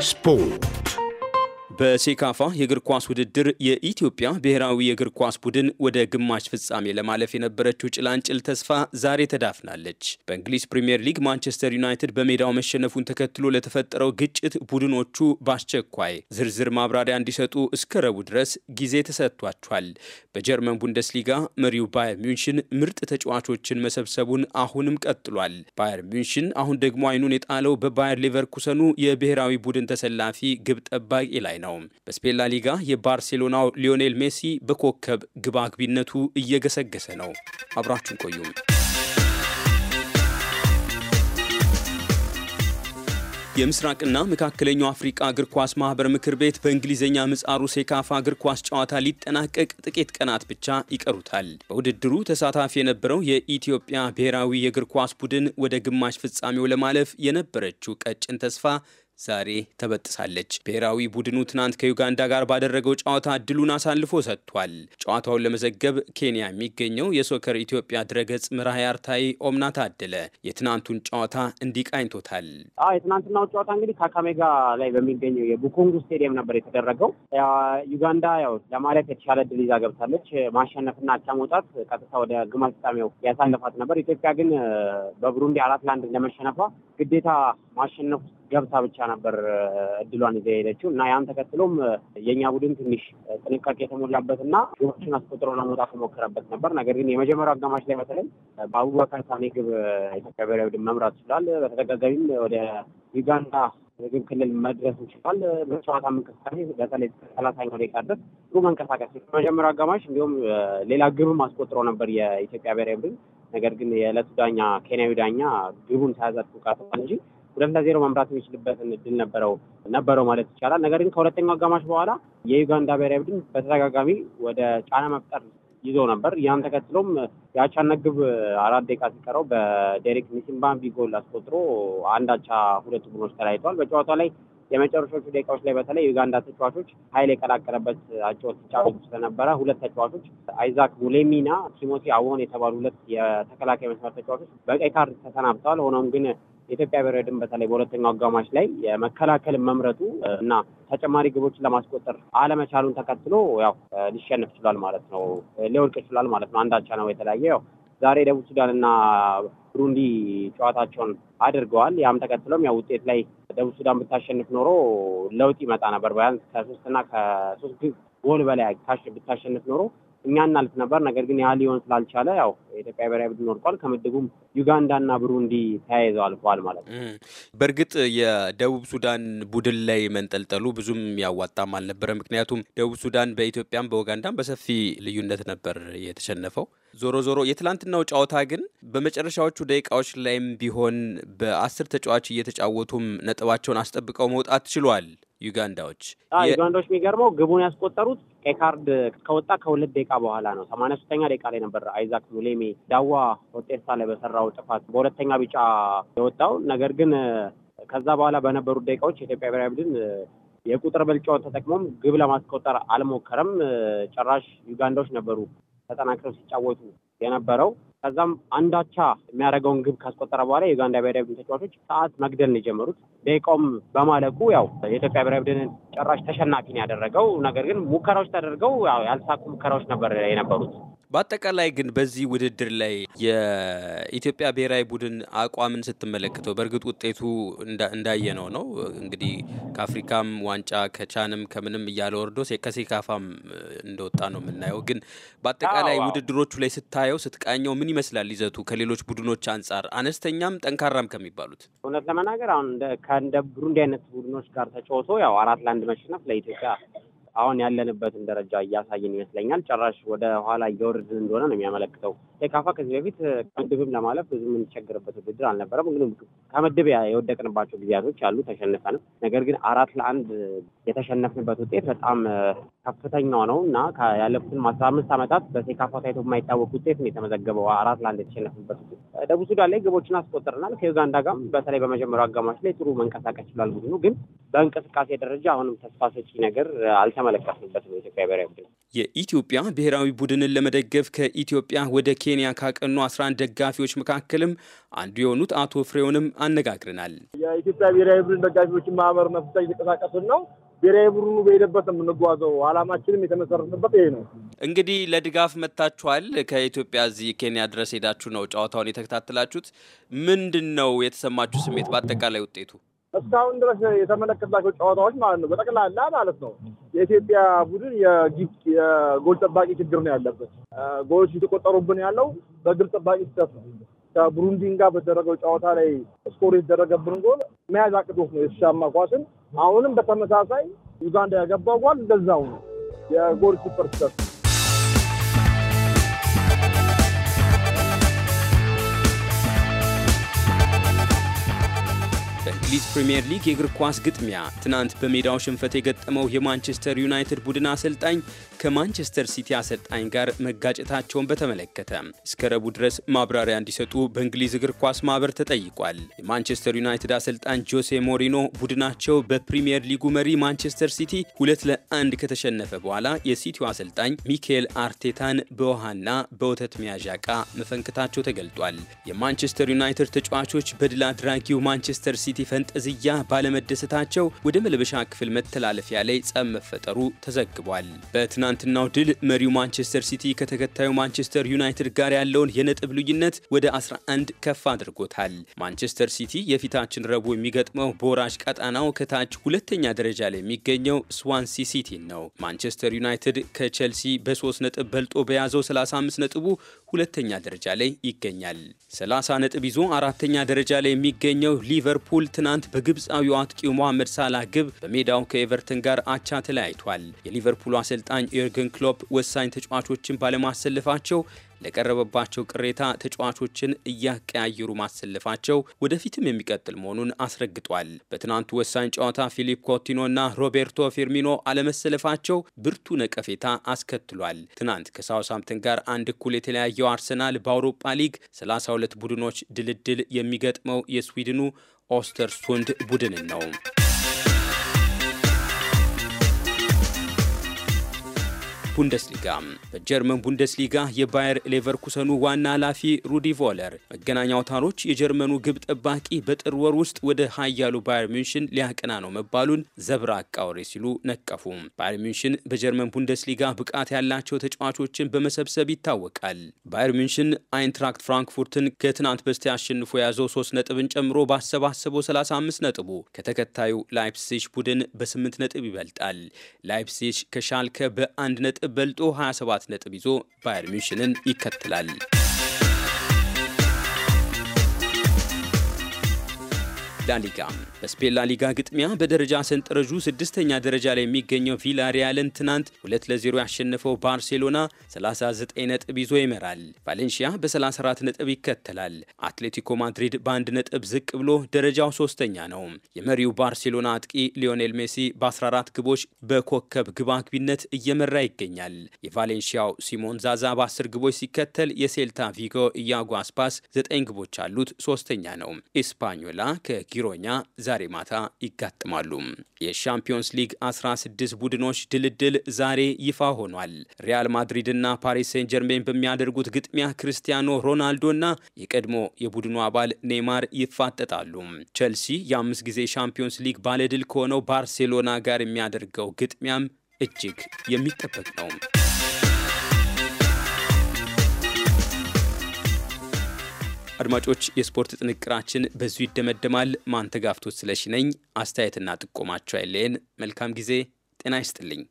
Sport. በሴካፋ የእግር ኳስ ውድድር የኢትዮጵያ ብሔራዊ የእግር ኳስ ቡድን ወደ ግማሽ ፍጻሜ ለማለፍ የነበረችው ጭላንጭል ተስፋ ዛሬ ተዳፍናለች። በእንግሊዝ ፕሪምየር ሊግ ማንቸስተር ዩናይትድ በሜዳው መሸነፉን ተከትሎ ለተፈጠረው ግጭት ቡድኖቹ በአስቸኳይ ዝርዝር ማብራሪያ እንዲሰጡ እስከ ረቡዕ ድረስ ጊዜ ተሰጥቷቸዋል። በጀርመን ቡንደስሊጋ መሪው ባየር ሚንሽን ምርጥ ተጫዋቾችን መሰብሰቡን አሁንም ቀጥሏል። ባየር ሚንሽን አሁን ደግሞ አይኑን የጣለው በባየር ሌቨርኩሰኑ የብሔራዊ ቡድን ተሰላፊ ግብ ጠባቂ ላይ ነው። ነው። በስፔን ሊጋ የባርሴሎናው ሊዮኔል ሜሲ በኮከብ ግባግቢነቱ እየገሰገሰ ነው። አብራችሁን ቆዩ። የምስራቅና መካከለኛው አፍሪቃ እግር ኳስ ማህበር ምክር ቤት በእንግሊዝኛ ምጻሩ ሴካፋ እግር ኳስ ጨዋታ ሊጠናቀቅ ጥቂት ቀናት ብቻ ይቀሩታል። በውድድሩ ተሳታፊ የነበረው የኢትዮጵያ ብሔራዊ የእግር ኳስ ቡድን ወደ ግማሽ ፍጻሜው ለማለፍ የነበረችው ቀጭን ተስፋ ዛሬ ተበጥሳለች። ብሔራዊ ቡድኑ ትናንት ከዩጋንዳ ጋር ባደረገው ጨዋታ እድሉን አሳልፎ ሰጥቷል። ጨዋታውን ለመዘገብ ኬንያ የሚገኘው የሶከር ኢትዮጵያ ድረገጽ ምርሃይ አርታይ ኦምና ታደለ የትናንቱን ጨዋታ እንዲቃኝቶታል። የትናንትናው ጨዋታ እንግዲህ ካካሜጋ ላይ በሚገኘው የቡኮንጉ ስቴዲየም ነበር የተደረገው። ዩጋንዳ ያው ለማለፍ የተሻለ እድል ይዛ ገብታለች። ማሸነፍና አቻ መውጣት ቀጥታ ወደ ግማሽ ፍጻሜው ያሳልፋት ነበር። ኢትዮጵያ ግን በብሩንዲ አራት ለአንድ ለመሸነፏ ግዴታ ማሸነፍ ገብታ ብቻ ነበር እድሏን ይዘ ሄደችው እና ያን ተከትሎም የእኛ ቡድን ትንሽ ጥንቃቄ የተሞላበት እና ግቦችን አስቆጥሮ ለመውጣት የሞከረበት ነበር። ነገር ግን የመጀመሪያው አጋማሽ ላይ በተለይ በአቡበከር ሳኔ ግብ ኢትዮጵያ ብሔራዊ ቡድን መምራት ይችላል። በተደጋጋሚም ወደ ዩጋንዳ ምግብ ክልል መድረስ ይችላል። በጨዋታ እንቅስቃሴ በተለይ ሰላሳኛው ደቂቃ ድረስ ጥሩ መንቀሳቀስ መጀመሪያ አጋማሽ እንዲሁም ሌላ ግብም አስቆጥሮ ነበር የኢትዮጵያ ብሔራዊ ቡድን። ነገር ግን የዕለቱ ዳኛ ኬንያዊ ዳኛ ግቡን ሳያዘርፉ ቀርቷል እንጂ ሁለት ለዜሮ መምራት የሚችልበትን እድል ነበረው ነበረው ማለት ይቻላል። ነገር ግን ከሁለተኛው አጋማሽ በኋላ የዩጋንዳ ብሔራዊ ቡድን በተደጋጋሚ ወደ ጫና መፍጠር ይዞ ነበር። ያን ተከትሎም የአቻነት ግብ አራት ደቂቃ ሲቀረው በዴሪክ ኒሲምባንቢ ጎል አስቆጥሮ አንድ አቻ ሁለቱ ቡድኖች ተለያይተዋል። በጨዋታ ላይ የመጨረሻዎቹ ደቂቃዎች ላይ በተለይ የዩጋንዳ ተጫዋቾች ኃይል የቀላቀለበት አጨዋወት ሲጫወቱ ስለነበረ ሁለት ተጫዋቾች አይዛክ ሙሌሚና ቲሞቲ አዎን የተባሉ ሁለት የተከላካይ መስመር ተጫዋቾች በቀይ ካርድ ተሰናብተዋል። ሆኖም ግን የኢትዮጵያ ብሔራዊ ቡድን በተለይ በሁለተኛው አጋማሽ ላይ የመከላከል መምረጡ እና ተጨማሪ ግቦችን ለማስቆጠር አለመቻሉን ተከትሎ ያው ሊሸነፍ ችሏል ማለት ነው፣ ሊወድቅ ይችላል ማለት ነው። አንዳቻ ነው የተለያየ ያው ዛሬ ደቡብ ሱዳን እና ብሩንዲ ጨዋታቸውን አድርገዋል። ያም ተከትሎም ያው ውጤት ላይ ደቡብ ሱዳን ብታሸንፍ ኖሮ ለውጥ ይመጣ ነበር። ቢያንስ ከሶስትና ከሶስት ጎል በላይ ብታሸንፍ ኖሮ እኛ እናልፍ ነበር። ነገር ግን ያ ሊሆን ስላልቻለ ያው የኢትዮጵያ ብሔራዊ ቡድን ወድቋል። ከምድቡም ዩጋንዳና ብሩንዲ ተያይዘው አልፈዋል ማለት ነው። በእርግጥ የደቡብ ሱዳን ቡድን ላይ መንጠልጠሉ ብዙም ያዋጣም አልነበረ። ምክንያቱም ደቡብ ሱዳን በኢትዮጵያም በኡጋንዳም በሰፊ ልዩነት ነበር የተሸነፈው። ዞሮ ዞሮ የትላንትናው ጨዋታ ግን በመጨረሻዎቹ ደቂቃዎች ላይም ቢሆን በአስር ተጫዋች እየተጫወቱም ነጥባቸውን አስጠብቀው መውጣት ችሏል። ዩጋንዳዎች ዩጋንዳዎች የሚገርመው ግቡን ያስቆጠሩት ቀይ ካርድ ከወጣ ከሁለት ደቂቃ በኋላ ነው። ሰማንያ ሶስተኛ ደቂቃ ላይ ነበር አይዛክ ሙሌሜ ዳዋ ኦጤሳ ላይ በሰራው ጥፋት በሁለተኛ ቢጫ የወጣው። ነገር ግን ከዛ በኋላ በነበሩት ደቂቃዎች የኢትዮጵያ ብሔራዊ ቡድን የቁጥር ብልጫውን ተጠቅሞም ግብ ለማስቆጠር አልሞከረም። ጭራሽ ዩጋንዳዎች ነበሩ ተጠናክረው ሲጫወቱ የነበረው ከዛም አንዳቻ የሚያደርገውን ግብ ካስቆጠረ በኋላ የዩጋንዳ ብሔራዊ ቡድን ተጫዋቾች ሰዓት መግደል ነው የጀመሩት። ደቂቃውም በማለቁ ያው የኢትዮጵያ ብሔራዊ ቡድን ጨራሽ ተሸናፊ ነው ያደረገው። ነገር ግን ሙከራዎች ተደርገው ያልተሳኩ ሙከራዎች ነበር የነበሩት። በአጠቃላይ ግን በዚህ ውድድር ላይ የኢትዮጵያ ብሔራዊ ቡድን አቋምን ስትመለከተው በእርግጥ ውጤቱ እንዳየነው ነው። እንግዲህ ከአፍሪካም ዋንጫ ከቻንም ከምንም እያለ ወርዶ ከሴካፋም እንደወጣ ነው የምናየው። ግን በአጠቃላይ ውድድሮቹ ላይ ስታየው ስትቃኘው ምን ይመስላል ይዘቱ ከሌሎች ቡድኖች አንጻር አነስተኛም ጠንካራም ከሚባሉት? እውነት ለመናገር አሁን ከእንደ ብሩንዲ አይነት ቡድኖች ጋር ተጫውቶ ያው አራት ለአንድ መሸነፍ ለኢትዮጵያ አሁን ያለንበትን ደረጃ እያሳየን ይመስለኛል። ጭራሽ ወደ ኋላ እየወረድን እንደሆነ ነው የሚያመለክተው። ሴካፋ ከዚህ በፊት ከምድብም ለማለፍ ብዙ የምንቸግርበት ውድድር አልነበረም። ግን ከምድብ የወደቅንባቸው ጊዜያቶች አሉ ተሸንፈንም። ነገር ግን አራት ለአንድ የተሸነፍንበት ውጤት በጣም ከፍተኛው ነው እና ያለፉትን አስራ አምስት ዓመታት በሴካፋ ታይቶ የማይታወቅ ውጤት ነው የተመዘገበው አራት ለአንድ የተሸነፍንበት ውጤት ደቡብ ሱዳን ላይ ግቦችን አስቆጥረናል። ከዩጋንዳ ጋም በተለይ በመጀመሪያው አጋማሽ ላይ ጥሩ መንቀሳቀስ ይችላል ቡድኑ፣ ግን በእንቅስቃሴ ደረጃ አሁንም ተስፋ ሰጪ ነገር አልተመለከትንበትም። የኢትዮጵያ ብሔራዊ ቡድን የኢትዮጵያ ብሔራዊ ቡድንን ለመደገፍ ከኢትዮጵያ ወደ ኬንያ ካቀኑ አስራ አንድ ደጋፊዎች መካከልም አንዱ የሆኑት አቶ ፍሬውንም አነጋግረናል። የኢትዮጵያ ብሔራዊ ቡድን ደጋፊዎችን ማህበር መፍታ እየተንቀሳቀሱን ነው ብሔራዊ ቡድኑ በሄደበት የምንጓዘው አላማችንም የተመሰረተበት ይሄ ነው። እንግዲህ ለድጋፍ መጥታችኋል። ከኢትዮጵያ እዚህ ኬንያ ድረስ ሄዳችሁ ነው ጨዋታውን የተከታተላችሁት። ምንድን ነው የተሰማችሁ ስሜት በአጠቃላይ ውጤቱ? እስካሁን ድረስ የተመለከትናቸው ጨዋታዎች ማለት ነው በጠቅላላ ማለት ነው የኢትዮጵያ ቡድን የጎል ጠባቂ ችግር ነው ያለበት። ጎሎች የተቆጠሩብን ያለው በግብ ጠባቂ ስህተት ነው። ከቡሩንዲን ጋር በተደረገው ጨዋታ ላይ ስኮር የተደረገብን ጎል መያዝ አቅቶት ነው የተሻማ ኳስን አሁንም በተመሳሳይ ዩጋንዳ ያገባው ጓል እንደዛው ነው። የጎል ኪፐር ስህተት ፕሪምየር ሊግ የእግር ኳስ ግጥሚያ ትናንት በሜዳው ሽንፈት የገጠመው የማንቸስተር ዩናይትድ ቡድን አሰልጣኝ ከማንቸስተር ሲቲ አሰልጣኝ ጋር መጋጨታቸውን በተመለከተ እስከ ረቡዕ ድረስ ማብራሪያ እንዲሰጡ በእንግሊዝ እግር ኳስ ማህበር ተጠይቋል። የማንቸስተር ዩናይትድ አሰልጣኝ ጆሴ ሞሪኖ ቡድናቸው በፕሪምየር ሊጉ መሪ ማንቸስተር ሲቲ ሁለት ለአንድ ከተሸነፈ በኋላ የሲቲው አሰልጣኝ ሚካኤል አርቴታን በውሃና በወተት መያዣ እቃ መፈንከታቸው ተገልጧል። የማንቸስተር ዩናይትድ ተጫዋቾች በድል አድራጊው ማንቸስተር ሲቲ ፈንጠዝያ ባለመደሰታቸው ወደ መልበሻ ክፍል መተላለፊያ ላይ ጸብ መፈጠሩ ተዘግቧል። በትና በትናንትናው ድል መሪው ማንቸስተር ሲቲ ከተከታዩ ማንቸስተር ዩናይትድ ጋር ያለውን የነጥብ ልዩነት ወደ 11 ከፍ አድርጎታል። ማንቸስተር ሲቲ የፊታችን ረቡዕ የሚገጥመው በወራጅ ቀጣናው ከታች ሁለተኛ ደረጃ ላይ የሚገኘው ስዋንሲ ሲቲ ነው። ማንቸስተር ዩናይትድ ከቼልሲ በ3 ነጥብ በልጦ በያዘው 35 ነጥቡ ሁለተኛ ደረጃ ላይ ይገኛል። 30 ነጥብ ይዞ አራተኛ ደረጃ ላይ የሚገኘው ሊቨርፑል ትናንት በግብፃዊው አጥቂው ሞሐመድ ሳላ ግብ በሜዳው ከኤቨርተን ጋር አቻ ተለያይቷል። የሊቨርፑል አሰልጣኝ ዩርገን ክሎፕ ወሳኝ ተጫዋቾችን ባለማሰለፋቸው ለቀረበባቸው ቅሬታ ተጫዋቾችን እያቀያየሩ ማሰለፋቸው ወደፊትም የሚቀጥል መሆኑን አስረግጧል። በትናንቱ ወሳኝ ጨዋታ ፊሊፕ ኮቲኖ እና ሮቤርቶ ፊርሚኖ አለመሰለፋቸው ብርቱ ነቀፌታ አስከትሏል። ትናንት ከሳውሳምፕተን ጋር አንድ እኩል የተለያየው አርሰናል በአውሮፓ ሊግ 32 ቡድኖች ድልድል የሚገጥመው የስዊድኑ ኦስተርሱንድ ቡድንን ነው። ቡንደስሊጋ በጀርመን ቡንደስሊጋ የባየር ሌቨርኩሰኑ ዋና ኃላፊ ሩዲ ቮለር መገናኛ አውታሮች የጀርመኑ ግብ ጠባቂ በጥር ወር ውስጥ ወደ ሀያሉ ባየር ሚንሽን ሊያቀና ነው መባሉን ዘብራ አቃወሬ ሲሉ ነቀፉ። ባየር ሚንሽን በጀርመን ቡንደስሊጋ ብቃት ያላቸው ተጫዋቾችን በመሰብሰብ ይታወቃል። ባየር ሚንሽን አይንትራክት ፍራንክፉርትን ከትናንት በስቲያ አሸንፎ የያዘው ሶስት ነጥብን ጨምሮ ባሰባሰበው 35 ነጥቡ ከተከታዩ ላይፕሲጅ ቡድን በ8 ነጥብ ይበልጣል። ላይፕሲጅ ከሻልከ በአንድ ነጥብ በልጦ 27 ነጥብ ይዞ ባየር ሚሽንን ይከትላል። ላሊጋ በስፔን ላሊጋ ግጥሚያ በደረጃ ሰንጠረዡ ስድስተኛ ደረጃ ላይ የሚገኘው ቪላሪያልን ትናንት ሁለት ለዜሮ ያሸነፈው ባርሴሎና 39 ነጥብ ይዞ ይመራል። ቫሌንሺያ በ34 ነጥብ ይከተላል። አትሌቲኮ ማድሪድ በአንድ ነጥብ ዝቅ ብሎ ደረጃው ሶስተኛ ነው። የመሪው ባርሴሎና አጥቂ ሊዮኔል ሜሲ በ14 ግቦች በኮከብ ግባግቢነት እየመራ ይገኛል። የቫሌንሺያው ሲሞን ዛዛ በ10 ግቦች ሲከተል፣ የሴልታ ቪጎ ኢያጎ አስፓስ 9 ግቦች አሉት ሶስተኛ ነው። ኢስፓኞላ ከጊ ጊሮኛ ዛሬ ማታ ይጋጥማሉ። የሻምፒዮንስ ሊግ 16 ቡድኖች ድልድል ዛሬ ይፋ ሆኗል። ሪያል ማድሪድና ፓሪስ ሴን ጀርሜን በሚያደርጉት ግጥሚያ ክርስቲያኖ ሮናልዶና የቀድሞ የቡድኑ አባል ኔይማር ይፋጠጣሉ። ቸልሲ የአምስት ጊዜ ሻምፒዮንስ ሊግ ባለድል ከሆነው ባርሴሎና ጋር የሚያደርገው ግጥሚያም እጅግ የሚጠበቅ ነው። አድማጮች፣ የስፖርት ጥንቅራችን በዙ ይደመደማል። ማንተጋፍቶት ስለሽነኝ አስተያየትና ጥቆማቸው አይለየን። መልካም ጊዜ። ጤና ይስጥልኝ።